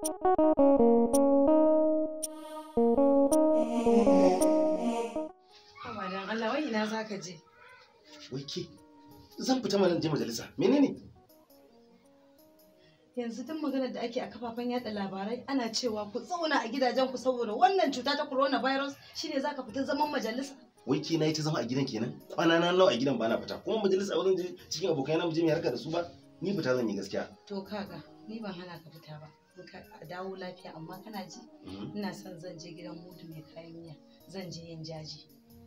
wai ke zan fita mana je majalisa. Menene? Yanzu duk maganar da ake a kafafen yada labarai ana cewa ku tsauna a gidajen ku saboda wannan cuta ta coronavirus shine zaka fita zaman majalisa. Wai ke yi ta zama a gidan kenan? Kwana na nawa a gidan bana fita. Kuma majalisa wurin cikin abokai na mu je mu harka da su ba? Ni fita zan yi gaskiya. To kaga ni ban hana ka fita ba. a dawo lafiya amma kana ji mm-hmm. ina son zan je gidan mutu mai kayan miya zan je yin jaji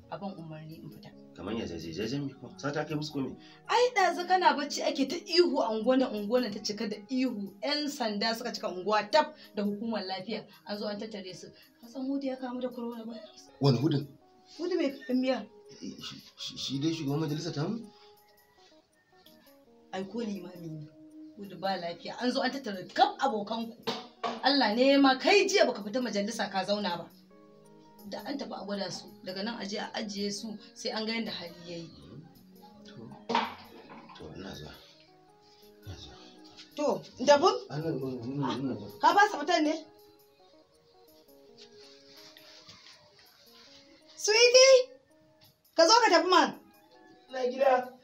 abin umarni in fita kamar ya jaje jajen mi ko sata kai musu komai ai ɗazu kana bacci ake ta ihu unguwa unguwa ta cika da ihu yan sanda suka cika unguwa tab da hukumar lafiya an zo an tattare su ka san hudu ya kamu da corona virus wani hudun hudu mai kayan miya eh, shi dai shugaban majalisa ta mu ai ko limami ne Hudu ba lafiya an zo an tattara kaf abokanku. Allah ne ma kai jiya baka fita majalisa ka zauna ba. Da an tafi a gwada su daga nan aje a ajiye su sai an ga yadda hali yayi. To ina zuwa. To, dabun? Ah, ka ba su ne? Sweetie, ka zo ka tafi man. Na gida.